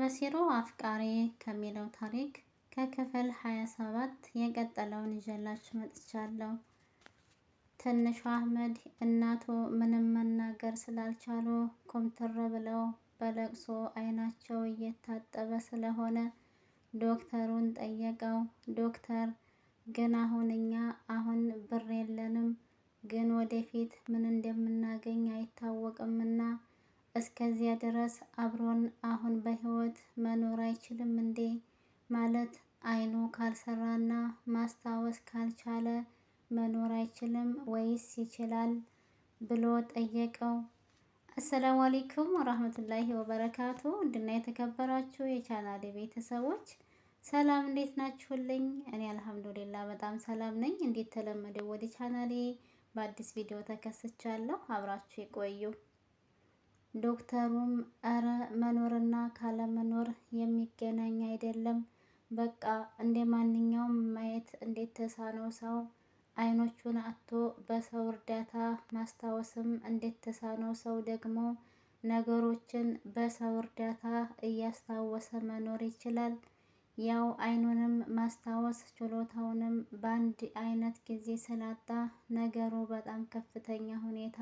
በሲሮ አፍቃሪ ከሚለው ታሪክ ከክፍል 27 የቀጠለውን ይዤላችሁ መጥቻለሁ። ትንሹ አህመድ እናቱ ምንም መናገር ስላልቻሉ ኩምትር ብለው በለቅሶ አይናቸው እየታጠበ ስለሆነ ዶክተሩን ጠየቀው። ዶክተር ግን አሁን እኛ አሁን ብር የለንም፣ ግን ወደፊት ምን እንደምናገኝ አይታወቅምና እስከዚያ ድረስ አብሮን አሁን በህይወት መኖር አይችልም እንዴ? ማለት አይኑ ካልሰራና ማስታወስ ካልቻለ መኖር አይችልም ወይስ ይችላል ብሎ ጠየቀው። አሰላሙ አሌይኩም ወራህመቱላሂ ወበረካቱ። እንድና የተከበራችሁ የቻናሌ ቤተሰቦች ሰላም እንዴት ናችሁልኝ? እኔ አልሐምዱሊላ በጣም ሰላም ነኝ። እንዴት ተለመደው ወደ ቻናሌ በአዲስ ቪዲዮ ተከስቻለሁ። አብራችሁ የቆዩ ዶክተሩም እረ መኖርና ካለመኖር የሚገናኝ አይደለም። በቃ እንደ ማንኛውም ማየት እንዴት ተሳነው ሰው አይኖቹን አጥቶ በሰው እርዳታ ማስታወስም እንዴት ተሳነው ሰው ደግሞ ነገሮችን በሰው እርዳታ እያስታወሰ መኖር ይችላል። ያው አይኑንም ማስታወስ ችሎታውንም በአንድ አይነት ጊዜ ስላጣ ነገሩ በጣም ከፍተኛ ሁኔታ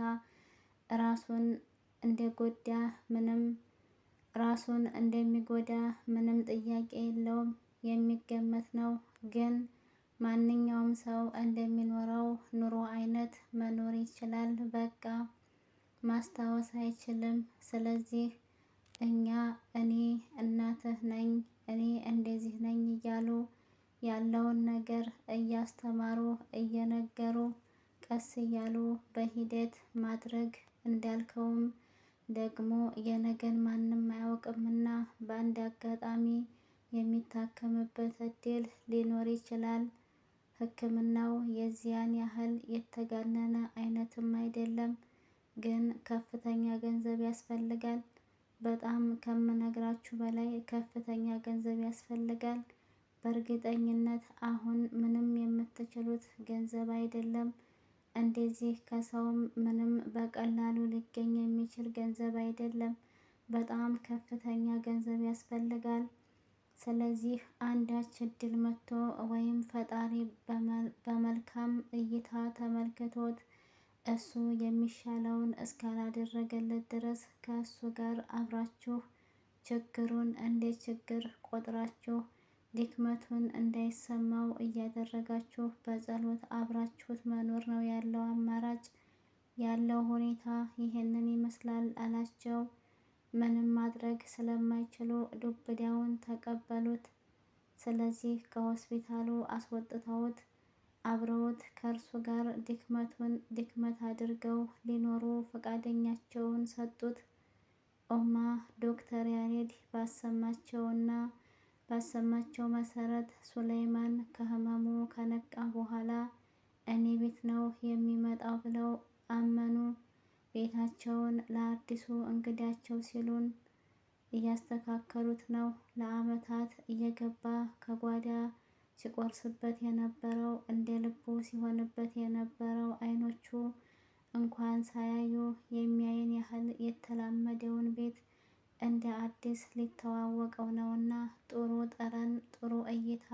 ራሱን እንደጎዳ ምንም ራሱን እንደሚጎዳ ምንም ጥያቄ የለውም፣ የሚገመት ነው። ግን ማንኛውም ሰው እንደሚኖረው ኑሮ አይነት መኖር ይችላል። በቃ ማስታወስ አይችልም። ስለዚህ እኛ እኔ እናትህ ነኝ፣ እኔ እንደዚህ ነኝ እያሉ ያለውን ነገር እያስተማሩ እየነገሩ ቀስ እያሉ በሂደት ማድረግ እንዳልከውም ደግሞ የነገን ማንም አያውቅምና በአንድ አጋጣሚ የሚታከምበት እድል ሊኖር ይችላል። ህክምናው የዚያን ያህል የተጋነነ አይነትም አይደለም፣ ግን ከፍተኛ ገንዘብ ያስፈልጋል። በጣም ከምነግራችሁ በላይ ከፍተኛ ገንዘብ ያስፈልጋል። በእርግጠኝነት አሁን ምንም የምትችሉት ገንዘብ አይደለም። እንደዚህ ከሰው ምንም በቀላሉ ሊገኝ የሚችል ገንዘብ አይደለም። በጣም ከፍተኛ ገንዘብ ያስፈልጋል። ስለዚህ አንዳች እድል መጥቶ ወይም ፈጣሪ በመልካም እይታ ተመልክቶት እሱ የሚሻለውን እስካላደረገለት ድረስ ከእሱ ጋር አብራችሁ ችግሩን እንደ ችግር ቆጥራችሁ ድክመቱን እንዳይሰማው እያደረጋችሁ በጸሎት አብራችሁት መኖር ነው ያለው አማራጭ። ያለው ሁኔታ ይህንን ይመስላል አላቸው። ምንም ማድረግ ስለማይችሉ ዱብዳውን ተቀበሉት። ስለዚህ ከሆስፒታሉ አስወጥተውት አብረውት ከእርሱ ጋር ድክመቱን ድክመት አድርገው ሊኖሩ ፈቃደኛቸውን ሰጡት። ኦማ ዶክተር ያሬድ ባሰማቸውና ባሰማቸው መሰረት ሱለይማን ከህመሙ ከነቃ በኋላ እኔ ቤት ነው የሚመጣው ብለው አመኑ። ቤታቸውን ለአዲሱ እንግዳቸው ሲሉን እያስተካከሉት ነው። ለአመታት እየገባ ከጓዳ ሲቆርስበት የነበረው እንደ ልቡ ሲሆንበት የነበረው አይኖቹ እንኳን ሳያዩ የሚያይን ያህል የተላመደውን ቤት እንደ አዲስ ሊተዋወቀው ነውና ጥሩ ጠረን፣ ጥሩ እይታ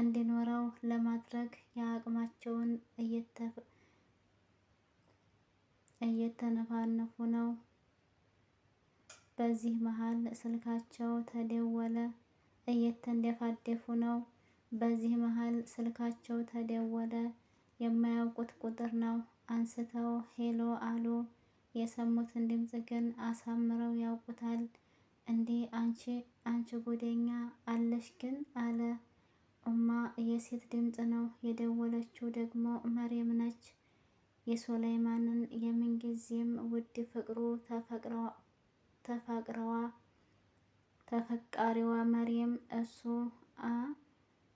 እንዲኖረው ለማድረግ የአቅማቸውን እየተነፋነፉ ነው። በዚህ መሀል ስልካቸው ተደወለ። እየተንደፋደፉ ነው። በዚህ መሀል ስልካቸው ተደወለ። የማያውቁት ቁጥር ነው አንስተው ሄሎ አሉ። የሰሙትን ድምፅ ግን አሳምረው ያውቁታል። እንዴ አንቺ አንቺ ጉደኛ አለሽ ግን አለ። እማ የሴት ድምፅ ነው የደወለችው፣ ደግሞ መሬም ነች። የሶላይማንን የምንጊዜም ውድ ፍቅሩ ተፈቅረዋ ተፈቃሪዋ መሬም እሱ አ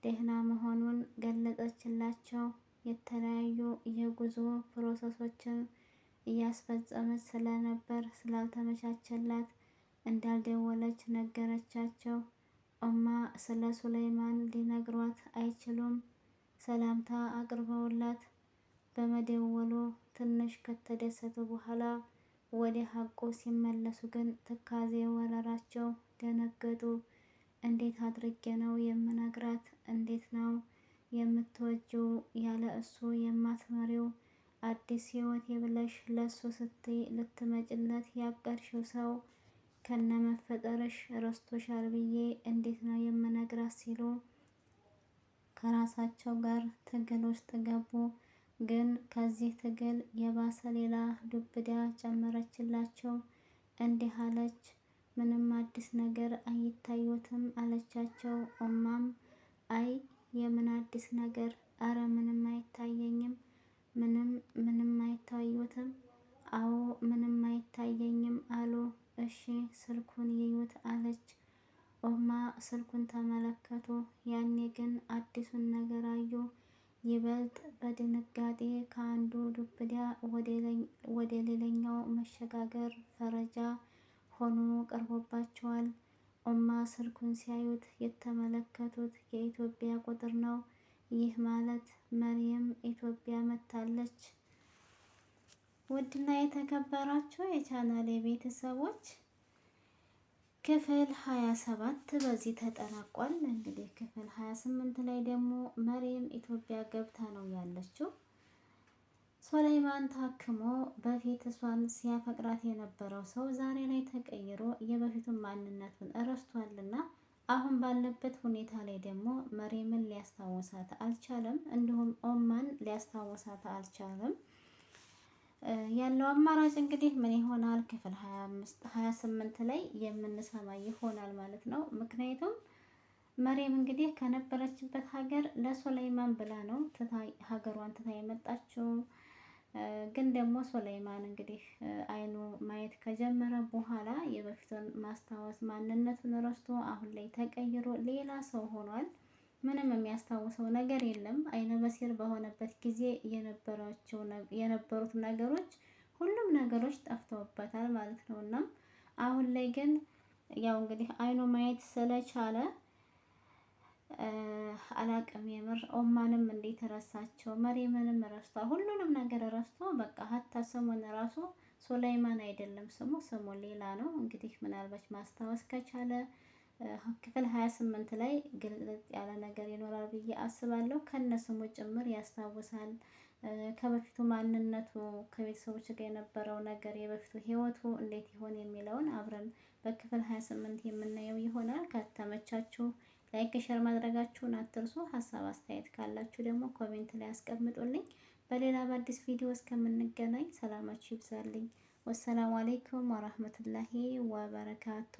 ደህና መሆኑን ገለጸችላቸው። የተለያዩ የጉዞ ፕሮሰሶችን እያስፈጸመች ስለነበር ስላልተመቻቸላት እንዳልደወለች ነገረቻቸው። እማ ስለ ሱለይማን ሊነግሯት አይችሉም። ሰላምታ አቅርበውላት በመደወሉ ትንሽ ከተደሰቱ በኋላ ወደ ሀቁ ሲመለሱ ግን ትካዜ ወረራቸው፣ ደነገጡ። እንዴት አድርጌ ነው የምነግራት? እንዴት ነው የምትወጂው? ያለ እሱ የማትመሪው አዲስ ህይወት የብለሽ ለሱ ስትይ ልትመጭለት ያቀርሽው ሰው ከነመፈጠርሽ ረስቶሻል ብዬ እንዴት ነው የምነግራት ሲሉ ከራሳቸው ጋር ትግል ውስጥ ገቡ። ግን ከዚህ ትግል የባሰ ሌላ ዱብዳ ጨመረችላቸው። እንዲህ አለች፣ ምንም አዲስ ነገር አይታዩትም አለቻቸው። ኦማም አይ የምን አዲስ ነገር፣ አረ ምንም አይታየኝም ምንም አይታዩትም? አዎ ምንም አይታየኝም አሉ። እሺ ስልኩን ይዩት አለች። ኦማ ስልኩን ተመለከቱ። ያኔ ግን አዲሱን ነገር አዩ። ይበልጥ በድንጋጤ ከአንዱ ዱብዳ ወደ ሌላኛው መሸጋገር ፈረጃ ሆኖ ቀርቦባቸዋል። ኦማ ስልኩን ሲያዩት የተመለከቱት የኢትዮጵያ ቁጥር ነው። ይህ ማለት መርየም ኢትዮጵያ መጥታለች። ውድና የተከበራችሁ የቻናል የቤተሰቦች ክፍል ሀያ ሰባት በዚህ ተጠናቋል። እንግዲህ ክፍል ሀያ ስምንት ላይ ደግሞ መርየም ኢትዮጵያ ገብታ ነው ያለችው። ሶላይማን ታክሞ በፊት እሷን ሲያፈቅራት የነበረው ሰው ዛሬ ላይ ተቀይሮ የበፊቱን ማንነቱን እረስቷልና አሁን ባለበት ሁኔታ ላይ ደግሞ መሬምን ሊያስታውሳት አልቻለም፣ እንዲሁም ኦማን ሊያስታውሳት አልቻለም። ያለው አማራጭ እንግዲህ ምን ይሆናል? ክፍል 28 ላይ የምንሰማ ይሆናል ማለት ነው። ምክንያቱም መሬም እንግዲህ ከነበረችበት ሀገር ለሱለይማን ብላ ነው ሀገሯን ትታ የመጣችው። ግን ደግሞ ሱለይማን እንግዲህ አይኑ ማየት ከጀመረ በኋላ የበፊቱን ማስታወስ ማንነቱን ረስቶ አሁን ላይ ተቀይሮ ሌላ ሰው ሆኗል። ምንም የሚያስታውሰው ነገር የለም። አይነ በሲር በሆነበት ጊዜ የነበሩት ነገሮች ሁሉም ነገሮች ጠፍተውበታል ማለት ነው እና አሁን ላይ ግን ያው እንግዲህ አይኑ ማየት ስለቻለ አላቅም የምር ኦማንም እንዴት ረሳቸው፣ መሬምንም ረስቷ፣ ሁሉንም ነገር ረስቶ በቃ ሀታ ስሙን ራሱ ሶላይማን አይደለም ስሙ ስሙ ሌላ ነው። እንግዲህ ምናልባት ማስታወስ ከቻለ ክፍል 28 ላይ ግልጥ ያለ ነገር ይኖራል ብዬ አስባለሁ። ከነ ስሙ ጭምር ያስታውሳል። ከበፊቱ ማንነቱ፣ ከቤተሰቦች ጋር የነበረው ነገር፣ የበፊቱ ህይወቱ እንዴት ይሆን የሚለውን አብረን በክፍል 28 የምናየው ይሆናል። ከተመቻችሁ ላይክ፣ ሸር ማድረጋችሁን አትርሱ። ሀሳብ አስተያየት ካላችሁ ደግሞ ኮሜንት ላይ አስቀምጡልኝ። በሌላ በአዲስ ቪዲዮ እስከምንገናኝ ሰላማችሁ ይብዛልኝ። ወሰላሙ አሌይኩም ወራህመቱላሂ ወበረካቱ